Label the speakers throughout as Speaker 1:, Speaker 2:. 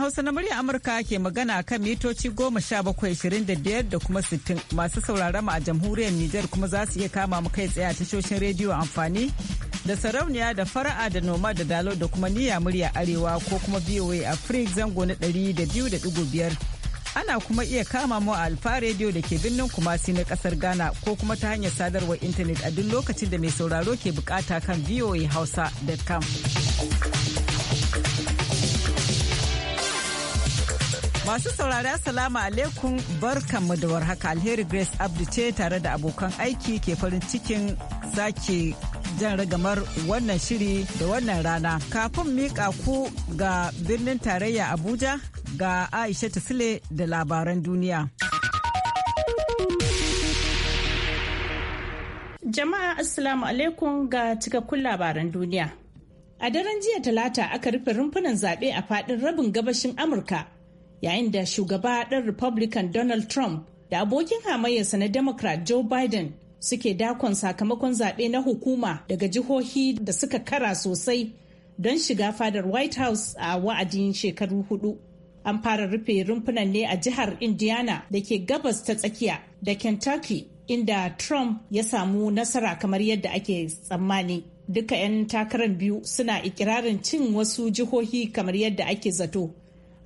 Speaker 1: Hausa na murya Amurka ke magana kan mitoci goma sha bakwai ishirin da biyar da kuma sittin masu sauraron a jamhuriyar Nijar kuma za su iya kama mu kai tsaye a tashoshin rediyo amfani da sarauniya da fara'a da noma da dalo da kuma niyya murya arewa ko kuma VOA Africa zango na ɗari da biyu da ɗigo biyar. Ana kuma iya kama mu a Alfa rediyo da ke birnin Kumasi na kasar Ghana ko kuma ta hanyar sadarwar intanet a duk lokacin da mai sauraro ke bukata kan voahausa.com. Masu saurari Assalamu alaikum barkanmu da warhaka alheri Grace Abdu ce tare da abokan aiki ke farin cikin sake jan ragamar wannan shiri da wannan rana. Kafin miƙa ku ga birnin tarayya Abuja ga Aisha Sule
Speaker 2: da labaran duniya. Jama'a Assalamu alaikum ga cikakkun labaran duniya. A daren jiya talata aka rufe rumfunan zaɓe a faɗin rabin gabashin Amurka. yayin da shugaba ɗan Republican Donald Trump da abokin hamayyarsa na Democrat Joe Biden suke dakon sakamakon zaɓe na hukuma daga jihohi da suka kara sosai don shiga fadar White House a wa'adin shekaru hudu. An fara rufe rumfunan ne a jihar Indiana da ke gabas ta tsakiya da Kentucky inda Trump ya samu nasara kamar yadda ake tsammani. Duka 'yan takarar biyu suna ikirarin cin wasu jihohi kamar yadda ake zato.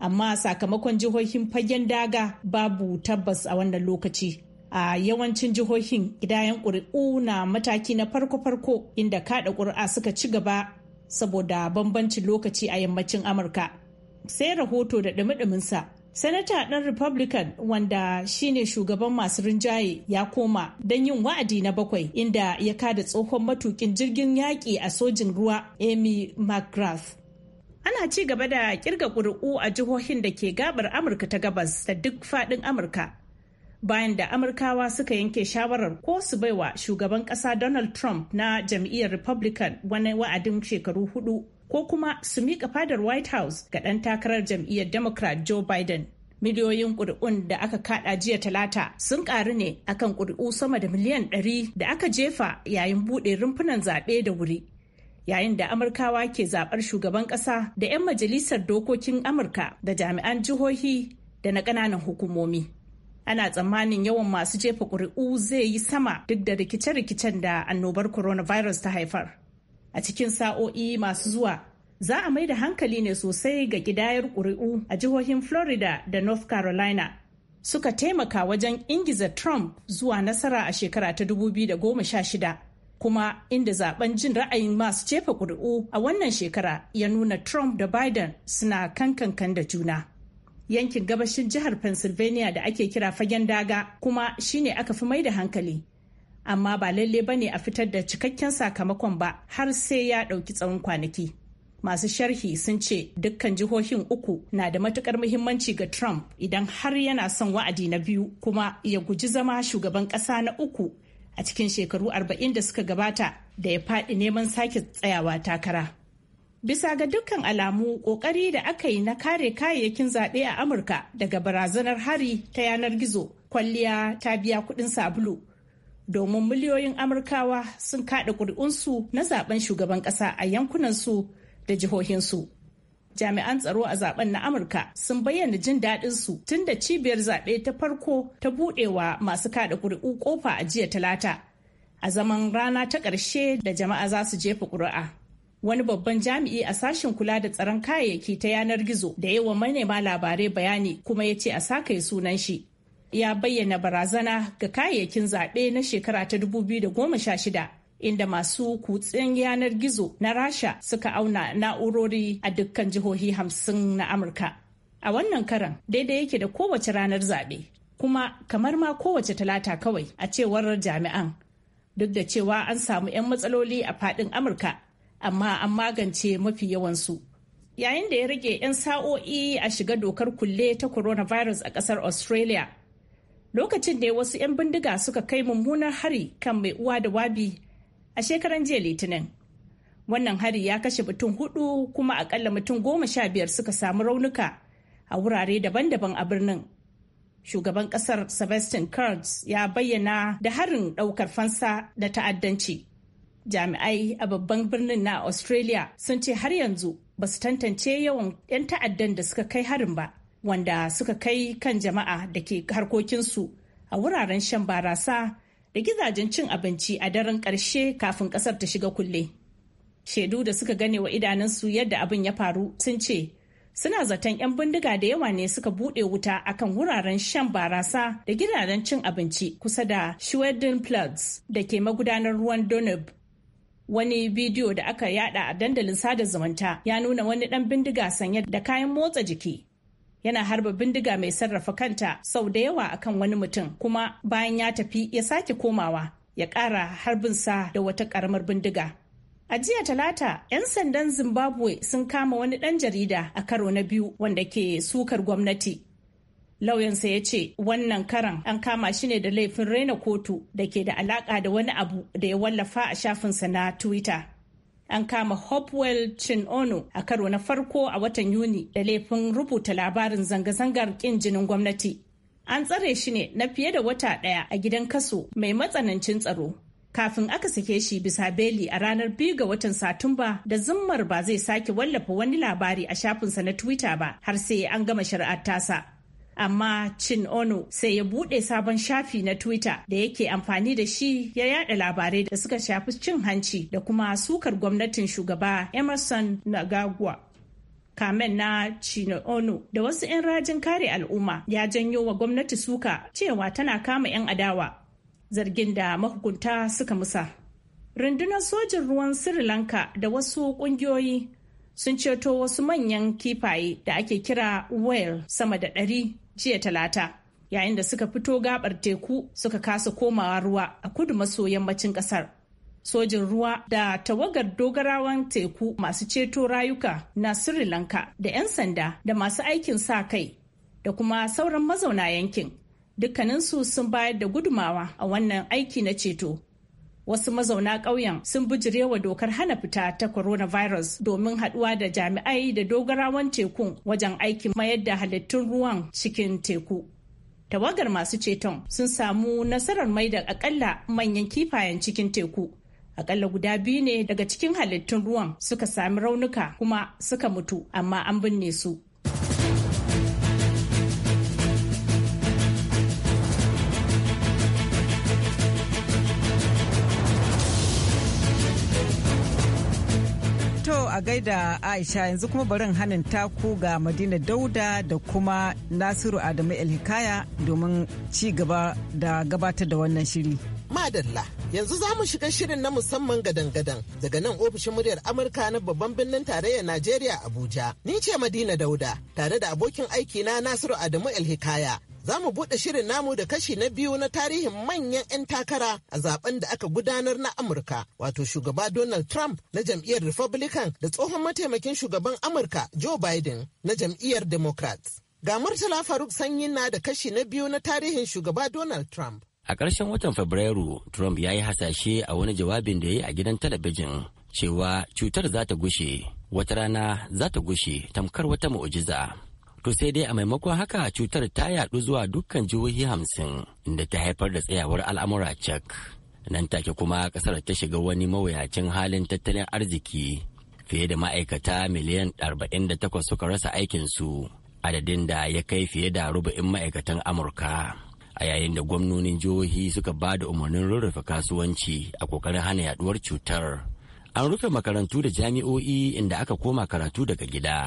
Speaker 2: amma sakamakon jihohin fagen daga babu tabbas a wannan lokaci a yawancin jihohin gidayen ƙuri'u na mataki na farko-farko inda kaɗa ƙuri'a suka ci gaba saboda bambancin lokaci a yammacin amurka sai rahoto da ɗumi-ɗuminsa sanata ɗan republican wanda shine shugaban masu rinjaye ya koma don yin wa'adi na bakwai inda ya kada tsohon matukin jirgin yaƙi a sojin ruwa amy mcgrath ana ci gaba da kirga ƙuri'u a jihohin da ke gabar amurka ta gabas da duk faɗin amurka bayan da amurkawa suka yanke shawarar ko su baiwa shugaban ƙasa donald trump na jam'iyyar republican wani wa'adin shekaru hudu ko kuma su miƙa fadar white house ga ɗan takarar jam'iyyar democrat joe biden miliyoyin ƙuri'un da aka kaɗa jiya talata sun ƙaru ne akan ƙuri'u sama da miliyan ɗari da aka jefa yayin buɗe rumfunan zaɓe da wuri yayin da amurkawa ke zaɓar shugaban ƙasa da 'yan majalisar dokokin amurka da jami'an jihohi da na ƙananan hukumomi ana tsammanin yawan masu jefa ƙuri'u zai yi sama duk da rikice-rikicen da annobar coronavirus ta haifar a cikin sa'o'i masu zuwa za a mai da hankali ne sosai ga gidayar ƙuri'u a jihohin florida da north carolina suka taimaka wajen ingiza trump zuwa nasara a shekara ta 2016 kuma inda zaben jin ra'ayin masu cefa ƙuri'u a wannan shekara ya nuna Trump da Biden suna kankankan da juna. Yankin gabashin jihar Pennsylvania da ake kira fagen daga kuma shine aka fi mai da hankali. Amma ba lalle ba ne a fitar da cikakken sakamakon ba har sai ya ɗauki tsawon kwanaki. Masu sharhi sun ce dukkan jihohin uku na da matukar muhimmanci ga Trump idan har yana son wa'adi na biyu kuma ya guji zama shugaban ƙasa na uku a cikin shekaru 40 da suka gabata da ya faɗi neman sake tsayawa takara. Bisa ga dukkan alamu ƙoƙari da aka yi na kare kayayyakin zaɓe a Amurka daga barazanar hari ta yanar gizo kwalliya ta biya kuɗin sabulu. Domin miliyoyin Amurkawa sun kaɗa ƙuri'unsu na zaben shugaban ƙasa a yankunansu da jihohinsu. jami'an tsaro a zaben na amurka sun bayyana jin daɗin su tun da cibiyar zaɓe ta farko ta buɗewa masu kada ƙuri'u kofa a jiya talata a zaman rana ta ƙarshe da jama'a za su jefa ƙuri'a wani babban jami'i a sashen kula da tsaron kayayyaki ta yanar gizo da yawa manema labarai bayani kuma ya ce a sakaye sunan shi ya bayyana barazana ga kayayyakin zaɓe na shekara ta dubu biyu da goma sha shida. inda masu kutsen yanar gizo na rasha suka auna na'urori a dukkan jihohi hamsin na amurka a wannan karan daidai yake da kowace ranar zaɓe kuma kamar ma kowace talata kawai a cewar jami'an duk da cewa an samu 'yan matsaloli a faɗin amurka amma an magance mafi yawansu yayin da ya rage 'yan sa'o'i a shiga dokar kulle ta coronavirus a ƙasar australia lokacin da wasu 'yan bindiga suka kai mummunar hari kan mai uwa da wabi a shekaran jiya litinin wannan hari ya kashe mutum hudu kuma akalla mutum goma sha biyar suka samu raunuka a wurare daban-daban a birnin shugaban kasar sebastian kurz ya bayyana da harin daukar fansa da ta'addanci jami'ai a babban birnin na australia sun ce har yanzu ba su tantance yawan 'yan ta'addan da suka kai harin ba wanda suka kai kan jama'a da ke harkokinsu a wuraren shan barasa da gizajen cin abinci a daren ƙarshe kafin ƙasar ta shiga kulle. Shaidu da suka gane wa idanunsu yadda abin ya faru sun ce suna zaton 'yan bindiga da yawa ne suka buɗe wuta akan wuraren shan barasa da gidajen cin abinci kusa da Schweden Plugs da ke magudanar ruwan donub wani bidiyo da aka yada a dandalin sada zumunta ya nuna wani dan bindiga sanye da kayan motsa jiki yana harba bindiga mai sarrafa kanta sau da yawa akan wani mutum kuma bayan ya tafi ya sake komawa ya ƙara sa da wata ƙaramar bindiga. A jiya talata, 'yan sandan Zimbabwe sun kama wani ɗan jarida a karo na biyu wanda ke sukar gwamnati. Lauyansa ya ce wannan karan an kama shi ne da laifin raina kotu da ke da alaƙa da wani abu da ya wallafa a shafinsa na Twitter. an kama Hopewell Chin Ono a karo na farko a watan Yuni da laifin rubuta labarin zanga-zangar kin jinin gwamnati. An tsare shi ne na fiye da wata ɗaya a gidan kaso mai matsanancin tsaro. Kafin aka sake shi bisa beli a ranar biyu ga watan Satumba da zummar ba zai sake wallafa wani labari a shafinsa na Twitter ba har sai an gama shari'ar tasa. amma Chin Ono sai ya buɗe sabon shafi na Twitter da yake amfani da shi ya yada labarai da suka shafi cin hanci da kuma sukar gwamnatin shugaba Emerson Nagagwa. kamen na Chino Ono da wasu 'yan rajin kare al'umma ya janyo wa gwamnati suka cewa tana kama 'yan adawa zargin da mahukunta suka musa. Rundunar sojin ruwan Sri Lanka da wasu ƙungiyoyi sun ceto wasu manyan kifaye da ake kira whale sama da ɗari jiya talata yayin da suka fito gabar teku suka kasa komawa ruwa a kudu maso yammacin kasar sojin ruwa da tawagar dogarawan teku masu ceto rayuka na sri lanka da 'yan sanda da masu aikin sa kai da kuma sauran mazauna yankin dukkaninsu sun bayar da gudumawa a wannan aiki na ceto Wasu mazauna ƙauyen sun bijirewa dokar hana fita ta coronavirus domin haɗuwa da jami'ai da dogarawan tekun wajen aikin mayar da halittun ruwan cikin teku. Tawagar masu ceton sun samu nasarar mai da akalla manyan kifayen cikin teku. Akalla guda biyu ne daga cikin halittun ruwan suka sami raunuka kuma suka mutu amma an binne su.
Speaker 1: a gaida Aisha yanzu kuma barin hannun taku ga Madina Dauda da kuma Nasiru Adamu
Speaker 3: Elhikaya domin ci gaba da gabatar da wannan shiri. Madalla yanzu za mu shiga shirin na musamman gadan-gadan daga nan ofishin muryar Amurka na babban birnin tarayyar Najeriya Abuja. Ni ce Madina Dauda tare da abokin aiki na Nasiru Adamu Elhikaya za mu buɗe shirin namu da kashi na biyu na tarihin manyan 'yan takara a zaben da aka gudanar na Amurka, wato shugaba Donald Trump na jam'iyyar Republican da tsohon mataimakin shugaban Amurka Joe Biden na jam'iyyar Democrats. Ga Murtala Faruk Sanyin na da kashi na biyu na tarihin shugaba Donald Trump.
Speaker 4: A ƙarshen watan Fabrairu, Trump ya yi hasashe a wani jawabin da ya yi a gidan talabijin cewa cutar za ta gushe, wata rana za ta gushe tamkar wata mu'ujiza. To sai dai a maimakon haka cutar ta yadu zuwa dukkan jihohi hamsin inda ta haifar da tsayawar al'amura cak. Nan take kuma kasar ta shiga wani mawuyacin halin tattalin arziki fiye da ma'aikata miliyan 48 suka rasa aikinsu adadin da ya kai fiye da rubu'in ma'aikatan Amurka. a yayin da gwamnonin jihohi suka ba da umarnin rurrufe kasuwanci a kokarin hana yaduwar cutar an rufe makarantu da jami'o'i inda aka koma karatu daga gida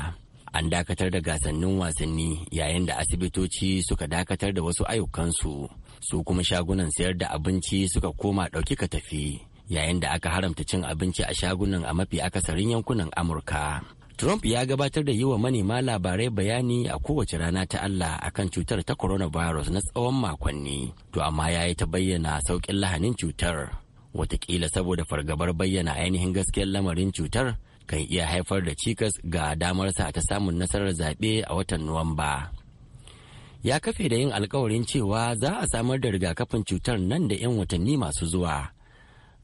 Speaker 4: an dakatar da gasannin wasanni yayin da asibitoci suka dakatar da wasu ayyukansu su kuma shagunan sayar da abinci suka koma ɗauki ka tafi yayin da aka haramta cin abinci a shagunan a mafi akasarin yankunan amurka trump ya gabatar da yi wa manema labarai bayani a kowace rana ta allah akan cutar ta coronavirus na tsawon makonni to amma ya yi ta bayyana saukin lahanin cutar watakila saboda fargabar bayyana ainihin gaskiyar lamarin cutar kan iya haifar da cikas ga damarsa ta samun nasarar zaɓe a watan Nuwamba. Ya kafe da yin alkawarin cewa za a samar da rigakafin cutar nan da 'yan watanni masu zuwa.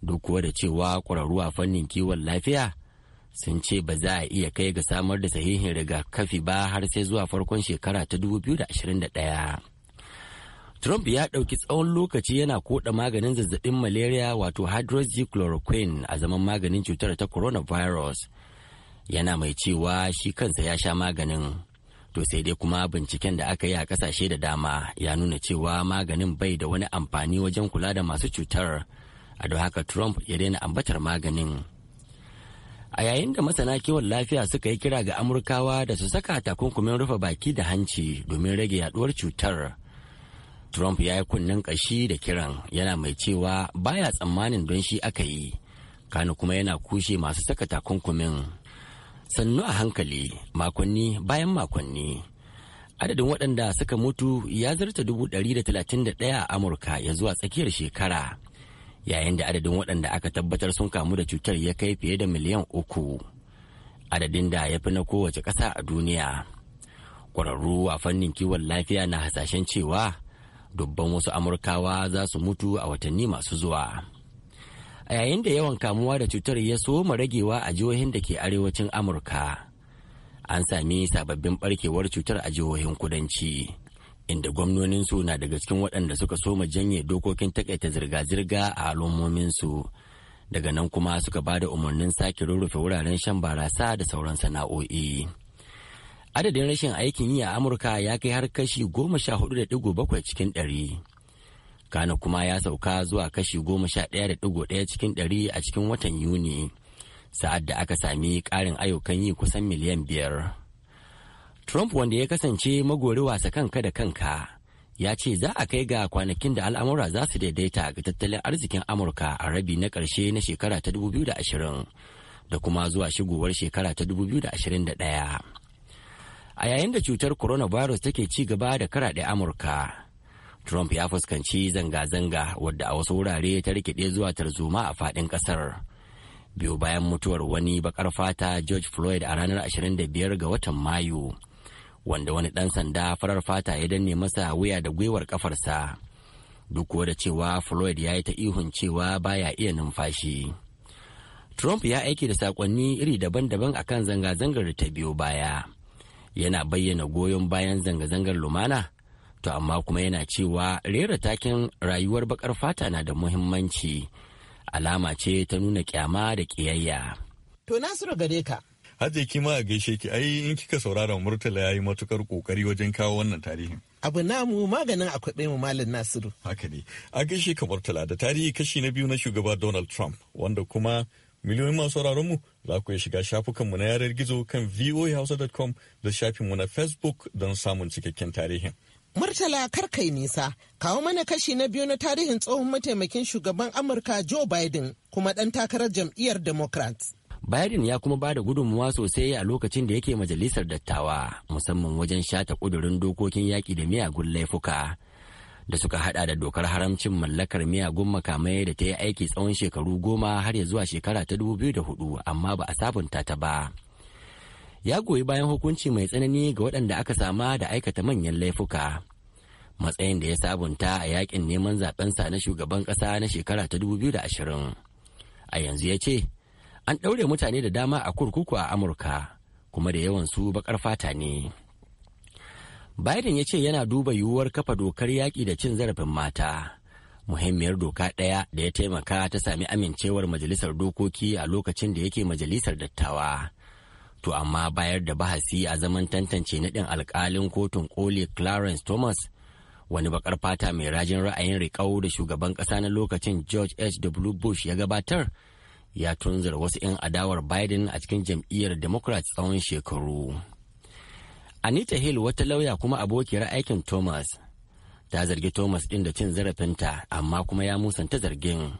Speaker 4: Duk da cewa ƙwararru a fannin kiwon lafiya sun ce ba za a iya kai ga samar da sahihin rigakafi ba har sai zuwa farkon shekara ta 2021. Trump ya ɗauki tsawon lokaci yana koɗa maganin zazzabin malaria wato hydroxychloroquine a zaman maganin cutar ta coronavirus yana mai cewa shi kansa ya sha maganin to sai dai kuma binciken da aka yi a kasashe da dama ya nuna cewa maganin bai da wani amfani wajen kula da masu cutar a don haka trump ya daina ambatar maganin a yayin da masana kiwon lafiya suka yi kira ga amurkawa da su saka takunkumin rufe baki da hanci domin rage yaduwar cutar trump ya yi kunnen kashi da kiran yana mai cewa baya tsammanin don shi aka yi kano kuma yana kushe masu saka takunkumin sannu a hankali makonni bayan makonni adadin waɗanda suka mutu ya zarta dubu ɗari da da talatin ɗaya a amurka ya zuwa tsakiyar shekara yayin da adadin waɗanda aka tabbatar sun kamu da cutar ya kai fiye da miliyan uku adadin da ya fi na kowace ƙasa a duniya ƙwararru a fannin kiwon lafiya na hasashen cewa dubban wasu amurkawa za su mutu a watanni masu zuwa a yayin da yawan kamuwa da cutar ya soma ragewa a jihohin da ke arewacin amurka an sami sababbin barkewar cutar a jihohin kudanci inda gwamnoninsu na daga cikin waɗanda suka soma janye dokokin takaita zirga-zirga a al'ummominsu daga nan kuma suka ba da umarnin sake rurrufe wuraren shan barasa da sauran sana'o'i adadin rashin aikin yi a amurka ya kai har kashi goma sha hudu da digo bakwai cikin ɗari Kano kuma ya sauka zuwa kashi goma sha ɗaya da ɗigo ɗaya cikin ɗari a cikin watan Yuni. Sa'ad da aka sami ƙarin ayyukan yi kusan miliyan biyar. Trump wanda ya kasance magori wasa kanka da kanka ya ce za a kai ga kwanakin da al'amura za su daidaita ga tattalin arzikin Amurka a rabi na ƙarshe na shekara ta 2020 da kuma zuwa shigowar shekara ta 2021. A yayin da cutar coronavirus take ci gaba da karaɗe Amurka, Trump ya fuskanci zanga-zanga wadda a wasu wurare ta rikide zuwa tarzoma a faɗin ƙasar. Biyu bayan mutuwar wani bakar fata George Floyd a ranar 25 ga watan Mayu, wanda wani ɗan sanda farar fata ya danne masa wuya da gwiwar ƙafarsa. Duk kuwa da cewa Floyd ya yi ta ihun cewa baya iya numfashi. Trump ya aiki da saƙonni iri daban-daban a kan zanga-zangar da ta biyo baya. Yana bayyana goyon bayan zanga-zangar lumana to amma kuma yana cewa rera takin rayuwar bakar fata na da muhimmanci
Speaker 5: alama ce ta nuna kyama da kiyayya.
Speaker 3: To Nasiru gare ka.
Speaker 5: Hajji kima a gaishe ki ai in kika saurara Murtala yayi matukar kokari wajen kawo wannan tarihin. Abu namu maganin akwai mu Malam Nasiru. Haka ne. A gaishe ka Murtala da tarihi kashi na biyu na shugaba Donald Trump wanda kuma miliyoyin masu sauraron mu za ku iya shiga shafukanmu na yanar gizo kan voahausa.com da shafinmu na Facebook don samun cikakken tarihin.
Speaker 3: Murtala karkai nisa, kawo mana kashi na biyu na tarihin tsohon mataimakin shugaban Amurka Joe Biden kuma ɗan takarar jam'iyyar Democrats.
Speaker 4: Biden ya kuma ba da gudunmuwa sosai a lokacin da yake majalisar dattawa musamman wajen shata ƙudurin dokokin yaƙi da miyagun laifuka da suka hada da dokar haramcin mallakar miyagun makamai da ta yi aiki tsawon shekaru goma har ya zuwa shekara ta 2004 amma ba a sabunta ta ba. ya goyi bayan hukunci mai tsanani ga waɗanda aka sama da aikata manyan laifuka matsayin da ya sabunta a yakin neman zaɓensa na shugaban ƙasa na shekara ta 2020 a yanzu ya ce an ɗaure mutane da dama a kurkuku a amurka kuma da yawan su baƙar fata ne biden ya ce yana duba yiwuwar kafa dokar yaƙi da cin zarafin mata muhimmiyar doka ɗaya da ya taimaka ta sami amincewar majalisar dokoki a lokacin da yake majalisar dattawa to amma bayar da bahasi a zaman tantance naɗin alkalin kotun koli clarence thomas wani bakar fata mai rajin ra'ayin riƙau da shugaban ƙasa na lokacin george h w bush ya gabatar ya tunzura wasu 'yan adawar biden a cikin jam'iyyar democrat tsawon shekaru anita hill wata lauya kuma abokiyar aikin thomas ta zargi thomas ɗin da cin zarafinta amma kuma ya musanta zargin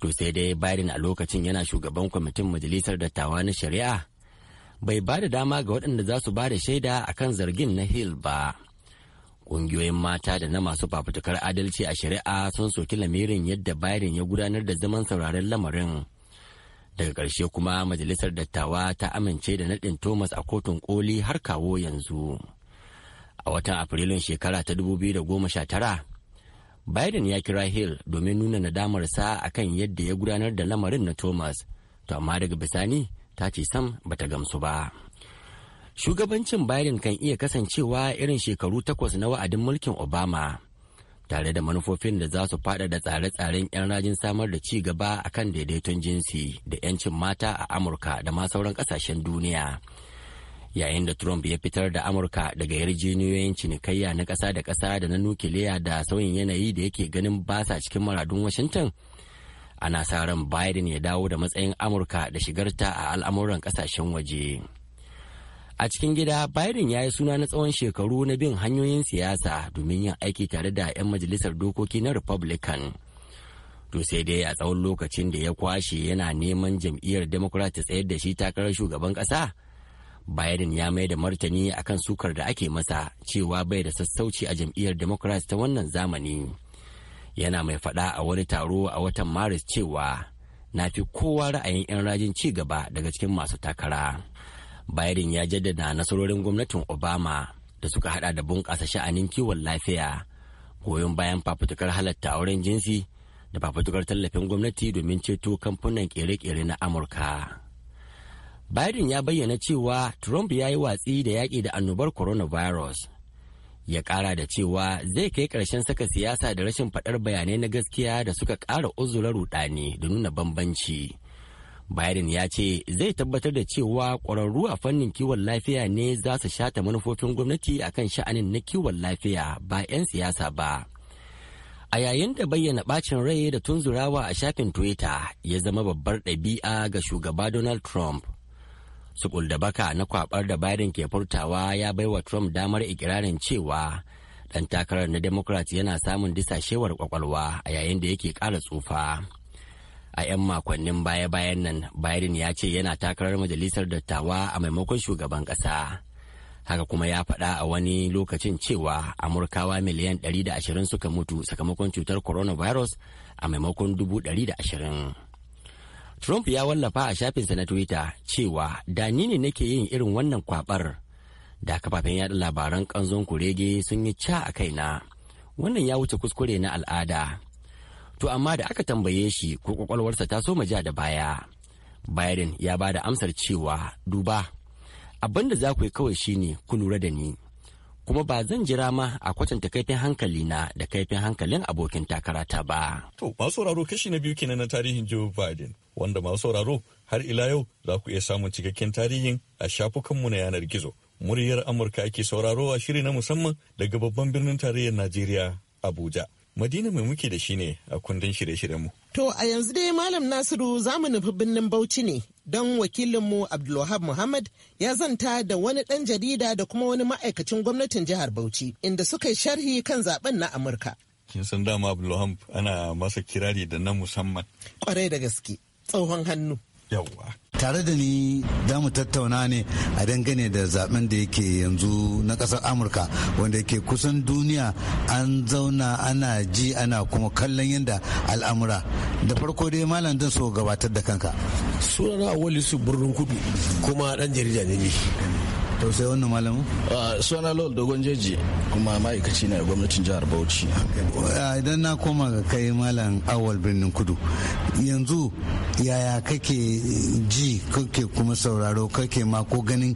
Speaker 4: to sai dai biden a lokacin yana shugaban kwamitin majalisar dattawa na shari'a bai ba da dama ga waɗanda za su ba da shaida akan zargin na hill ba ƙungiyoyin mata da na masu fafutukar adalci a shari'a sun soki lamirin yadda biden ya gudanar da zaman sauraren lamarin daga ƙarshe kuma majalisar dattawa ta amince da naɗin thomas a kotun koli har kawo yanzu a watan afrilun shekara ta dubu biyu da goma sha tara, biden ya kira hill domin nuna nadamarsa akan yadda ya gudanar da lamarin na thomas to amma daga bisani ta ce sam bata gamsu ba shugabancin biden kan iya kasancewa irin shekaru takwas na wa'adin mulkin obama tare da manufofin da za su faɗaɗa tsare-tsaren 'yan rajin samar da ci gaba a kan daidaiton jinsi da 'yancin mata a amurka da ma sauran ƙasashen duniya yayin da trump ya fitar da amurka daga yarjejeniyoyin cinikayya na ƙasa da ƙasa da na nukiliya da sauyin yanayi da yake ganin basa cikin maradun washington ana sa ran biden ya dawo da matsayin amurka da shigarta a al'amuran kasashen waje a cikin gida biden ya yi suna na tsawon shekaru na bin hanyoyin siyasa domin yin aiki tare da 'yan majalisar dokoki na republican to sai dai a tsawon lokacin da ya kwashe yana neman jam'iyyar democrat ta tsayar da shi takarar shugaban ƙasa, biden ya mai da martani akan sukar da ake masa cewa bai da sassauci a jam'iyyar democrat ta wannan zamani yana mai faɗa a wani taro a watan maris cewa na fi kowa ra'ayin 'yan rajin ci gaba daga cikin masu takara biden ya jaddada nasarorin gwamnatin obama da suka hada da bunƙasa sha'anin kiwon lafiya goyon bayan fafutukar halatta auren jinsi da fafutukar tallafin gwamnati domin ceto kamfunan kere-kere na amurka biden ya bayyana cewa trump ya yi watsi da yaƙi da annobar coronavirus ya kara da cewa zai kai ƙarshen saka siyasa da rashin faɗar bayanai na gaskiya da suka ƙara uzura rudani da nuna bambanci biden ya ce zai tabbatar da cewa ƙwararru a fannin kiwon lafiya ne za su shata manufofin gwamnati a kan sha'anin na kiwon lafiya ba 'yan siyasa ba a yayin da bayyana ɓacin rai da tunzurawa a shafin twitter ya zama babbar ɗabi'a ga shugaba donald trump sukul da baka na kwabar da biden ke furtawa ya baiwa trump damar ikirarin cewa dan takarar na democrat yana samun disashewar kwakwalwa a yayin da yake kara tsufa a 'yan makonnin baya-bayan nan biden ya ce yana takarar majalisar dattawa a maimakon shugaban kasa haka kuma ya faɗa a wani lokacin cewa amurkawa miliyan 120 suka mutu sakamakon cutar coronavirus a maimakon 120 Trump ya wallafa a shafinsa na Twitter cewa da ni ne nake yin irin wannan kwabar da kafafen yada labaran kanzon kurege sun yi ca a kaina. Wannan ya wuce kuskure na al'ada. To amma da aka tambaye shi ko kwakwalwarsa ta so ja da baya. Biden ya ba da amsar cewa duba Abinda da za ku yi kawai shine ku lura da ni. kuma ba zan jira ma a kwatanta kaifin hankali na da kaifin hankalin abokin takarata ba.
Speaker 5: To masu sauraro kashi na biyu kenan na tarihin Joe Biden wanda masu sauraro har ila yau za ku iya samun cikakken tarihin a shafukanmu na yanar gizo. Muryar Amurka ake sauraro a shiri na musamman daga babban birnin tarayyar Najeriya Abuja. Madina mai muke da shi ne a kundin shirye-shiryenmu.
Speaker 3: To a yanzu dai Malam Nasiru za mu nufi birnin Bauchi ne don wakilinmu Abdulwahab Muhammad ya zanta da wani ɗan jarida da kuma wani ma'aikacin gwamnatin jihar Bauchi inda suka yi sharhi kan zaben na Amurka.
Speaker 5: Kin san dama Abdulwahab ana masa kirari da na musamman.
Speaker 3: Kwarai da gaske, tsohon hannu.
Speaker 6: tare da ni za mu tattauna ne a dangane da zaben da yake yanzu na kasar amurka wanda yake kusan duniya an zauna ana ji ana kuma kallon yadda al'amura da farko dai malam zan so gabatar da kanka sunana awali su birnin kudu kuma dan jarida ne
Speaker 7: to sai wannan malamin suna lol dogon jeji kuma ma'aikaci na gwamnatin jihar bauchi
Speaker 6: idan na koma ga kai malam awal birnin kudu yanzu yaya kake ji kake kuma sauraro kake ma ko ganin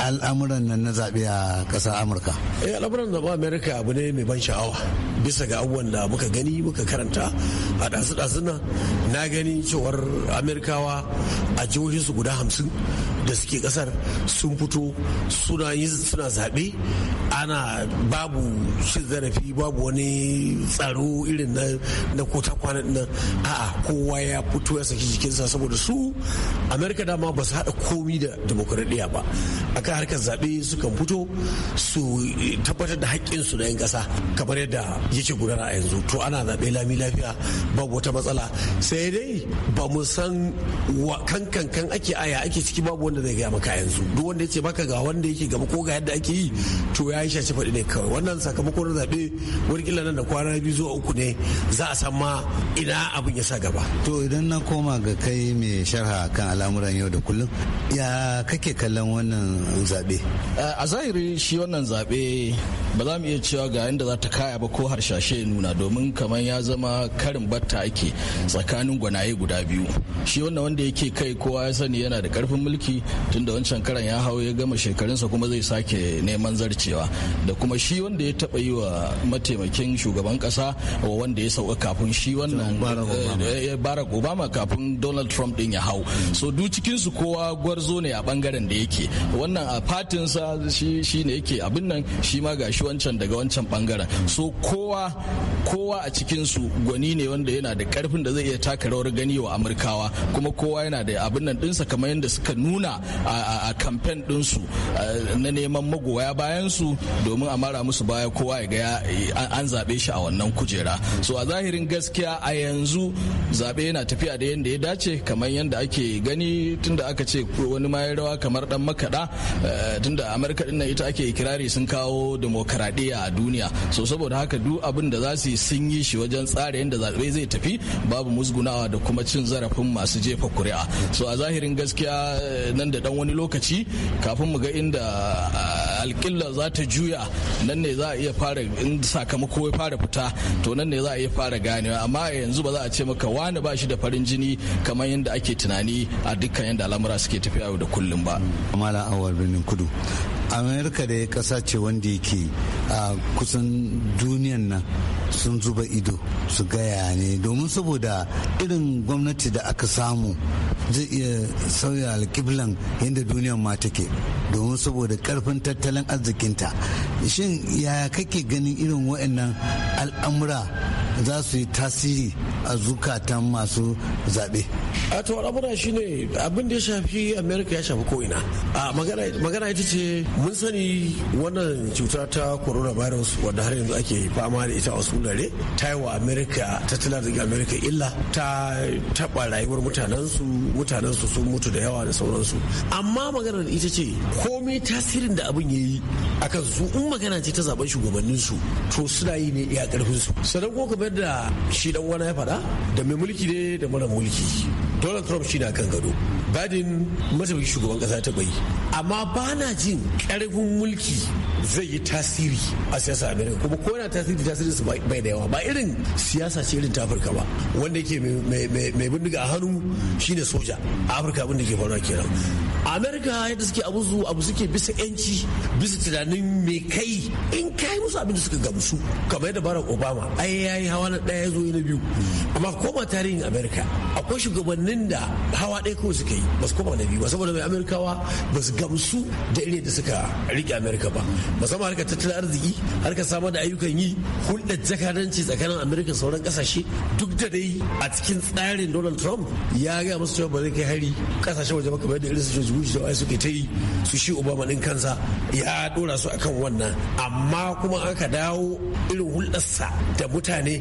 Speaker 6: al'amuran nan na zaɓe a ƙasar amurka
Speaker 8: eh al'amuran zaɓe amurka abu ne mai ban sha'awa bisa ga abubuwan da muka gani muka karanta a ɗazu ɗasu nan na gani cewar amurkawa a jihohinsu guda hamsin da suke ƙasar sun fito suna yi suna zaɓe ana babu shi zarafi babu wani tsaro irin na kota kwanan nan a'a kowa ya fito ya saki jikinsa saboda su amerika dama ba su haɗa komi da demokuraɗiyya ba a akan harkar zaɓe sukan fito su tabbatar da haƙƙinsu na yin ƙasa kamar yadda yake gudana a yanzu to ana zaɓe lami lafiya babu wata matsala sai dai ba mu san kankan kan ake aya ake ciki babu wanda zai gaya maka yanzu duk wanda ya ce maka ga wanda yake gaba ko ga yadda ake yi to ya yi shashi faɗi ne kawai wannan sakamakon zaɓe wani kila nan da kwana biyu zuwa uku ne za a san ma ina abin ya sa gaba.
Speaker 6: to idan na koma ga kai mai sharha kan al'amuran yau da kullum ya kake kallon wannan zaɓe. a zahiri shi wannan zaɓe ba za mu iya cewa ga yadda za ta kaya
Speaker 7: ba ko harshashe nuna domin kamar ya zama karin batta ake tsakanin gwanaye guda biyu shi wannan wanda yake kai kowa ya sani yana da karfin mulki tunda wancan karan ya hau ya gama shi. shekarunsa kuma zai sake neman zarcewa da kuma shi wanda ya taba yi wa mataimakin shugaban kasa wa wanda ya sauka kafin shi wannan barack eh, eh, eh, obama kafin donald trump din ya hau so du cikinsu kowa gwarzo ne a bangaren da yake wannan a fatinsa shi ne yake abin nan shi ma gashi wancan daga wancan bangaren so kowa kowa a cikinsu gwani ne wanda yana da karfin da zai iya taka rawar gani wa amurkawa kuma kowa yana da abin nan dinsa kamar yadda suka nuna a kamfen dinsu Eh, na neman magoya bayan su domin a mara musu baya kowa ya ga an zaɓe shi a wannan kujera so a zahirin gaskiya a yanzu zaɓe yana tafiya da yadda ya dace kamar yadda ake gani tunda aka ce wani ma rawa kamar dan makaɗa eh, tunda amurka din ita ake kirari sun kawo demokaradiyya a duniya so saboda haka duk abin da za su sun yi shi wajen tsara yadda zaɓe zai tafi babu musgunawa da kuma cin zarafin masu jefa kuri'a so a zahirin gaskiya eh, nan da dan wani lokaci kafin mu In inda ah, alƙilla za ta juya nan ne za a iya fara in sakamako ya fara fita to nan ne za a iya fara ganewa amma yanzu ba za a ce maka wani ba shi da farin jini kamar yadda ake tunani a dukkan yadda al'amura suke tafiya yau da kullum ba.
Speaker 6: Malam Awar Birnin Kudu. Amerika da ya kasa ce wanda yake a kusan duniyan nan sun zuba ido su gaya ne domin saboda irin gwamnati da aka samu zai iya sauya alkiblan yadda duniyan ma take domin saboda karfin tattalin tattalin arzikinta shin ya kake ganin irin wa'annan al'amura za su yi tasiri a zukatan masu
Speaker 8: zaɓe a to al'amura shine abin da ya shafi amerika ya shafi ko'ina a magana ita ce mun sani wannan cuta ta coronavirus wadda har yanzu ake fama da ita a wasu wurare ta yi wa america tattalin arzikin amerika illa ta taɓa rayuwar mutanensu mutanensu sun mutu da yawa da sauransu amma maganar ita ce komai tasirin da abin ya ya yi kan su in magana ce ta zaben shugabannin su to suna yi ne iya karfin su sanan ko kamar da shi dan wani ya faɗa da mai mulki ne da mara mulki donald trump shi na kan gado badin mataimakin shugaban kasa ta bai amma ba na jin karfin mulki zai yi tasiri a siyasa america kuma ko na tasiri tasirin su bai da yawa ba irin siyasa ce irin ta afirka ba wanda yake mai bindiga a hannu shine soja a afirka abin da ke faruwa kenan amerika yadda suke abu su abu suke bisa yanci bisa tunanin me kai in kai musu abin da suka gamsu kamar yadda barack obama ai yayi hawa na daya zo na biyu amma koma tarihin amerika akwai shugabannin da hawa ɗaya kawai suke yi ba su koma na ba saboda mai amerikawa ba su gamsu da irin da suka rike amerika ba musamman harkar tattalin arziki harkar samar da ayyukan yi hulɗar jakadanci tsakanin amerika sauran kasashe duk da dai a cikin tsarin donald trump ya ga musu cewa ba zai kai hari kasashen waje ba kamar da irin su george bush da suke ta yi su shi obama din kansa ya dora su akan wannan amma kuma aka dawo irin hulɗarsa da mutane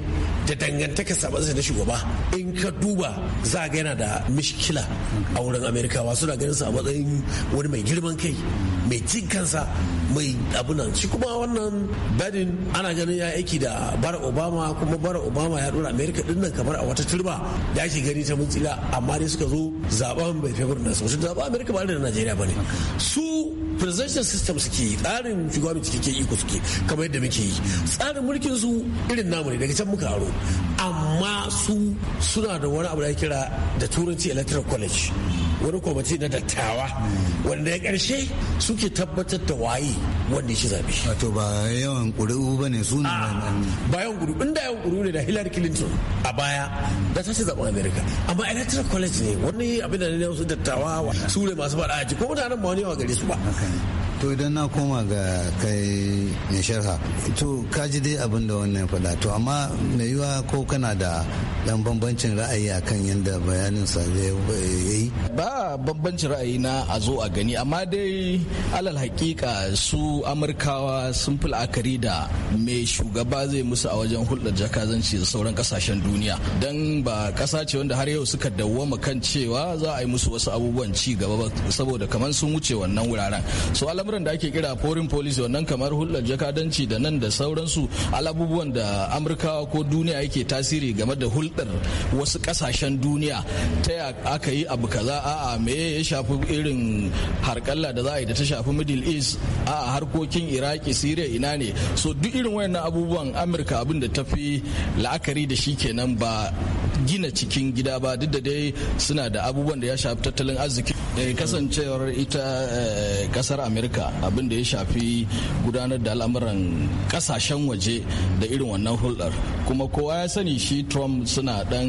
Speaker 8: da dangantakarsa ba na shugaba in ka duba za ga yana da mishkila a wurin amerikawa suna ganin sa a matsayin wani mai girman kai mai cin kansa mai abunan shi kuma wannan badin ana ganin ya aiki da barack obama kuma barack obama ya dora amerika din nan kamar a wata turba da ake gani ta mun tsila amma dai suka zo zaben bai fi birnin su zaben amerika ba da najeriya ba ne su presidential system suke yi tsarin shugaban ke iko suke kamar yadda muke yi tsarin mulkin su irin namu ne daga can muka aro amma amma su suna da wani abu da kira da turanci electoral college wani kwamiti na dattawa wanda ya karshe suke tabbatar da waye wanda ya ci zabe
Speaker 6: wato ba yawan ƙuri'u ba ne su ne
Speaker 8: ba yawan ƙuri'u inda yawan ƙuri'u ne da hillary clinton a baya da ta ci zaben america amma electoral college ne wani abin da ne su dattawa su ne masu faɗa a ko mutanen ba wani yawa gare su ba
Speaker 6: to idan na koma ga kai mai sharha to ka ji dai abin da wannan faɗa to amma mai yiwa ko kana da dan bambancin ra'ayi a kan yadda bayanin sa eh, ya yi
Speaker 7: ba bambancin ra'ayi na a zo a gani amma dai alal hakika su amurkawa sun fi la'akari da mai shugaba zai musu a wajen hulɗar jakazanci da sauran kasashen duniya dan ba ƙasa ce wanda har yau suka dawwama kan cewa za a yi musu wasu abubuwan ci gaba saboda kamar sun wuce wannan wuraren so al'amuran da ake kira foreign policy wannan kamar hulɗar jakadanci da nan da sauransu al'abubuwan da amurkawa ko duniya yake tasiri game da hulɗar wasu ƙasashen duniya ta ya aka yi abu kaza a'a me ya shafi irin harƙalla da za a yi da ta shafi middle east a'a harkokin iraki syria ina ne so duk irin wayannan abubuwan amurka abin da ta fi la'akari da shi kenan ba gina cikin gida ba duk da dai suna da abubuwan da ya shafi tattalin arziki eh, kasancewar ita eh, kasar amurka afirka abin da ya shafi gudanar da al'amuran kasashen waje da irin wannan hulɗar kuma kowa ya sani shi trump suna dan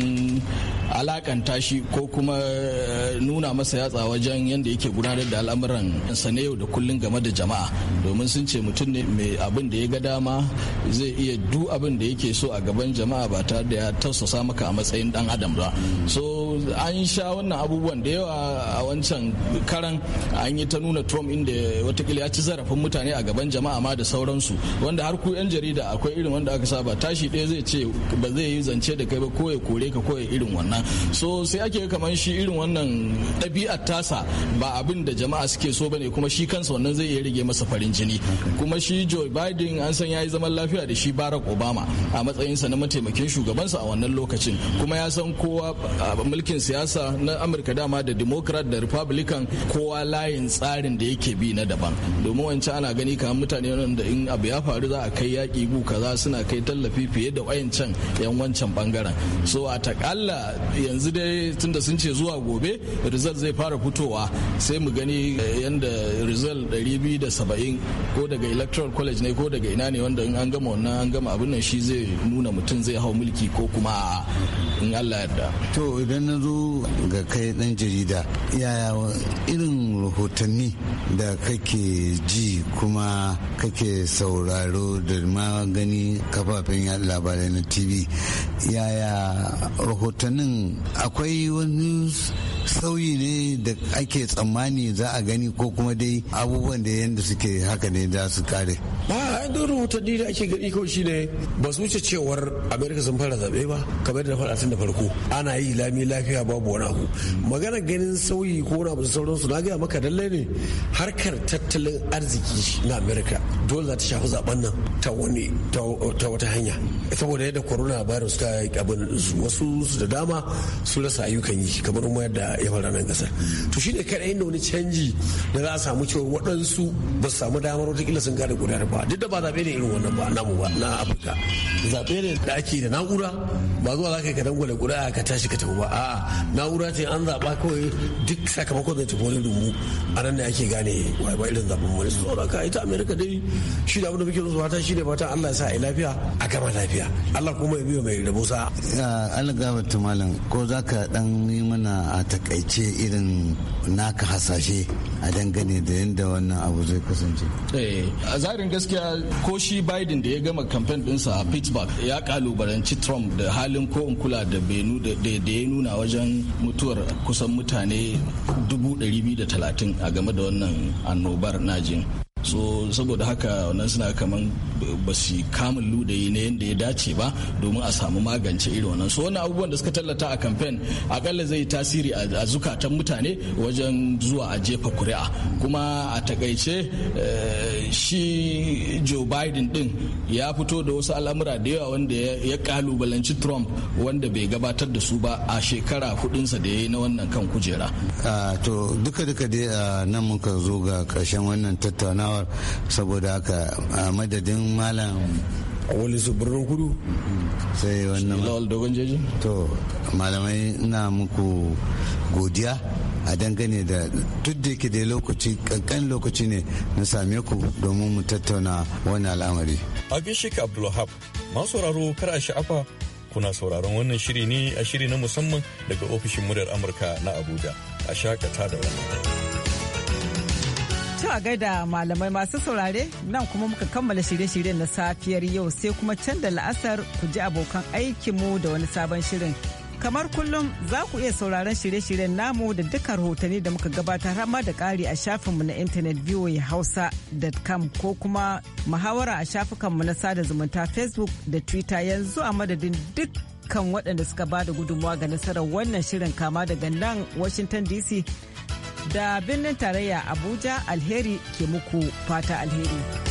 Speaker 7: alakanta shi ko kuma eh, nuna masa yatsa wajen yadda yake gudanar da al'amuran sa na yau da kullum game da jama'a domin sun ce mutum ne mai abin da ya ga dama zai iya du abin da yake so a gaban jama'a ba tare da ya tausasa maka a matsayin dan adam ba so an sha wannan abubuwan da yawa a wancan karan an yi ta nuna trump inda watakila ya ci zarafin mutane a gaban jama'a ma da sauransu wanda har ku yan jarida akwai irin wanda aka saba tashi ɗaya zai ce ba zai yi zance da kai ba ko ya kore ka ko ya irin wannan kenan so sai ake kamar shi irin wannan ɗabi'ar tasa ba abin da jama'a suke so bane kuma shi kansa wannan zai iya rage masa farin jini kuma shi Joe Biden an san ya yi zaman lafiya da shi Barack Obama a matsayinsa na mataimakin shugabansa a wannan lokacin kuma ya san kowa mulkin siyasa na Amurka dama da Democrat da Republican kowa layin tsarin da yake bi na daban domin wancan ana gani kamar mutane da in abu ya faru za a kai yaƙi gu kaza suna kai tallafi fiye da wayancan yan wancan bangaren so a takalla yanzu dai tunda sun ce zuwa gobe result zai fara fitowa sai mu gani eh, yadda result 270 ko daga electoral college ne ko daga ina ne wanda in an gama wannan an gama abin nan shi zai nuna mutum zai hau mulki ko kuma in Allah yadda. to idan na zo
Speaker 6: ga kai dan jarida yaya irin rahotanni da kake ji kuma kake sauraro da magani kafafen labarai na tv yaya rahotannin akwai wani sauyi ne da ake tsammani za a gani ko kuma dai abubuwan da yadda suke haka ne za su kare
Speaker 8: ba a duk rahotanni da ake gani kawai ne ba su wuce cewar amerika sun fara zaɓe ba kamar da faɗa tun da farko ana yi lami lafiya babu wani abu magana ganin sauyi ko na abu da sauransu na gaya maka haka ne harkar tattalin arziki na america dole za ta shafi zaben nan ta wani ta wata hanya saboda yadda corona virus ta abin wasu su da dama su rasa ayyukan yi kamar kuma yadda ya fara nan kasar to shine kadai inda wani canji da za a samu cewa waɗansu ba su samu damar kila sun gane gudanar ba duk da ba zaɓe ne irin wannan ba mu ba na afirka zaɓe ne da ake da na'ura ba zuwa za ka yi ka dangwale guda ka tashi ka tafi ba a'a na'ura ce an zaɓa kawai duk sakamakon zai tafi wani rumu a nan ne ake gane ba irin zaɓen wani su tsoron ka ita amerika dai shi da abin da muke zuwa ta shi ne fatan allah ya sa a lafiya a gama lafiya allah kuma ya biyo mai rabo sa.
Speaker 6: allah gaba Tumalin ko za ka dan yi mana a takaice irin naka hasashe a dangane da yadda wannan abu zai kasance.
Speaker 7: Eh, a zarin gaskiya ko shi biden da ya gama kamfen dinsa a pittsburgh ya kalubalanci trump da halin ko in kula da benu da ya nuna wajen mutuwar kusan mutane 230 talatin a game da wannan annobar najin so saboda haka wannan suna kaman ba su kamun ludayi ne yadda ya dace ba domin a samu magance irin wannan so wannan abubuwan da suka tallata a kamfen akalla zai tasiri a zukatan mutane wajen zuwa a jefa kuri'a kuma a takaice eh, shi joe biden din ya fito da wasu al'amura da yawa wanda ya kalubalanci trump wanda bai gabatar da su ba a shekara hudunsa da ya yi na wannan kan kujera
Speaker 6: ah, to duka-duka dai ah, nan muka zo ga karshen wannan tattaunawa gudummawar saboda haka a madadin malam wani kudu sai wannan lawal dogon jeji to malamai na muku godiya a dangane da duk da yake da lokaci kankan lokaci ne na same ku domin mu tattauna wani al'amari
Speaker 5: abin shika abdulhab masu sauraro kar a sha'afa kuna sauraron wannan shiri ne a shiri na musamman daga ofishin muryar amurka na abuja a shakata da wannan
Speaker 1: To a gaida malamai masu saurare nan kuma muka kammala shirye-shiryen na safiyar yau sai kuma can da la'asar ku ji abokan aikinmu da wani sabon shirin. Kamar kullum za ku iya sauraron shirye-shiryen namu da dukkan rahotanni da muka gabata har ma da ƙari a shafinmu na intanet hausa.com ko kuma muhawara a shafukanmu na sada zumunta Facebook da Twitter yanzu a madadin duk kan waɗanda suka ba da gudunmawa ga nasarar wannan shirin kama daga nan Washington DC da birnin tarayya Abuja alheri ke muku fata alheri.